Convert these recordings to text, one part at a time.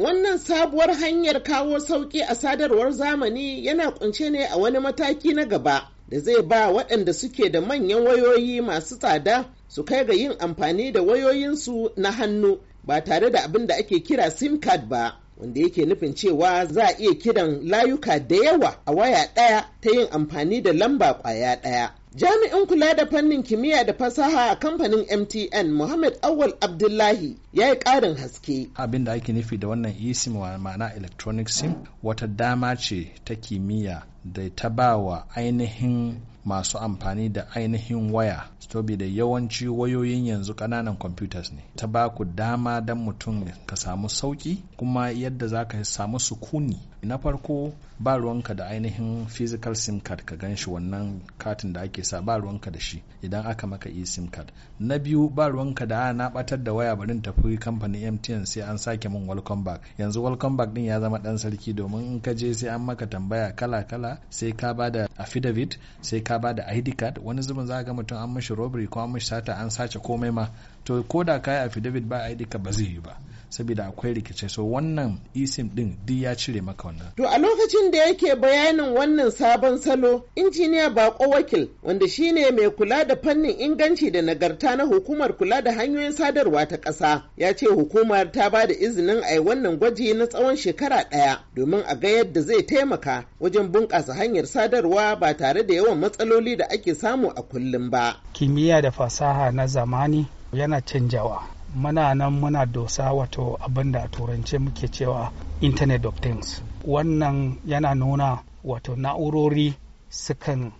Wannan sabuwar hanyar kawo sauƙi a sadarwar zamani yana kunshe ne a wani mataki na gaba da zai ba waɗanda suke da manyan wayoyi masu tsada su kai ga yin amfani da wayoyinsu na hannu ba tare da abin da ake kira sim card ba. wanda yake nufin cewa za a iya kiran layuka da yawa a waya ɗaya ta yin amfani da lamba ƙwaya ɗaya. Jami'in kula da fannin kimiyya da fasaha a kamfanin MTN Muhammad Awal Abdullahi ya yi ƙarin haske. Abin da ake nufi da wannan eSIM ma'ana electronic SIM wata dama ce ta kimiyya da ta ba wa ainihin masu amfani da ainihin waya da yawanci wayoyin yanzu kananan computers ne ta ba ku dama don mutum ka samu sauki kuma yadda za ka samu sukuni na farko ba ruwanka da ainihin physical sim card ka gan shi wannan katin da ake sa ba ruwanka da shi idan aka maka e sim card na biyu ba ruwanka da ah, na batar da waya barin tafi kamfanin mtn sai an sake min welcome back yanzu welcome back din ya zama dan sarki domin in ka je sai an maka tambaya kala kala sai ka ba da affidavit sai ka ba da id card wani zubin za a ga mutum an mashi robbery ko an mashi sata an sace komai ma to ko da ka yi affidavit ba id card ba zai yi ba saboda akwai rikice so wannan isim din duk ya cire maka wannan to a lokacin da yake bayanin wannan sabon salo injiniya bako wakil wanda shine mai kula da fannin inganci da nagarta na hukumar kula da hanyoyin sadarwa ta ƙasa ya ce hukumar ta ba da izinin a yi wannan gwaji na tsawon shekara ɗaya domin a ga yadda zai taimaka wajen bunƙasa hanyar sadarwa ba tare da yawan matsala matsaloli da ake samu a kullum ba. Kimiyya da fasaha na zamani yana canjawa. Muna nan muna dosa wato abin da a turance muke cewa Internet of Things. Wannan yana nuna wato na'urori sukan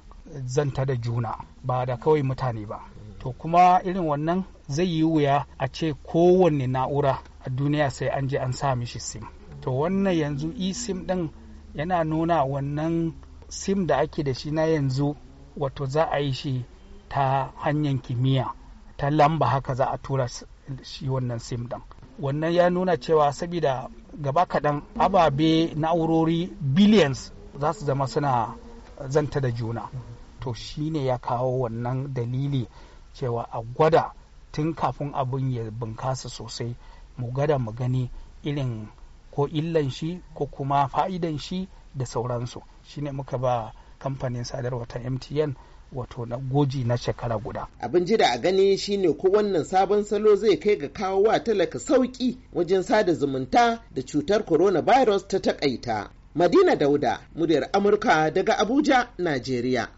zanta da juna ba da kawai mutane ba. To kuma irin wannan zai yi wuya a ce kowanne na'ura a duniya sai an je an sa mishi sim. To wannan yanzu e-sim ɗin yana nuna wannan sim da ake da shi na yanzu wato za a yi shi ta hanyar kimiyya ta lamba haka za a tura shi wannan sim din. wannan ya nuna cewa saboda gaba kaɗan ababe na'urori billions za su zama suna zanta da juna to shine ya kawo wannan dalili cewa a gwada tun kafin abin ya bunkasa sosai mu gada mu gani irin ko illan shi ko kuma fa'idan shi da sauransu shine muka ba kamfanin sadarwa ta mtn wato na goji na shekara guda. Abin jira a gani shine ko wannan sabon salo zai kai ga kawo wa talaka sauki wajen sada zumunta da cutar coronavirus ta takaita. Madina Dauda, muryar Amurka daga Abuja, Najeriya.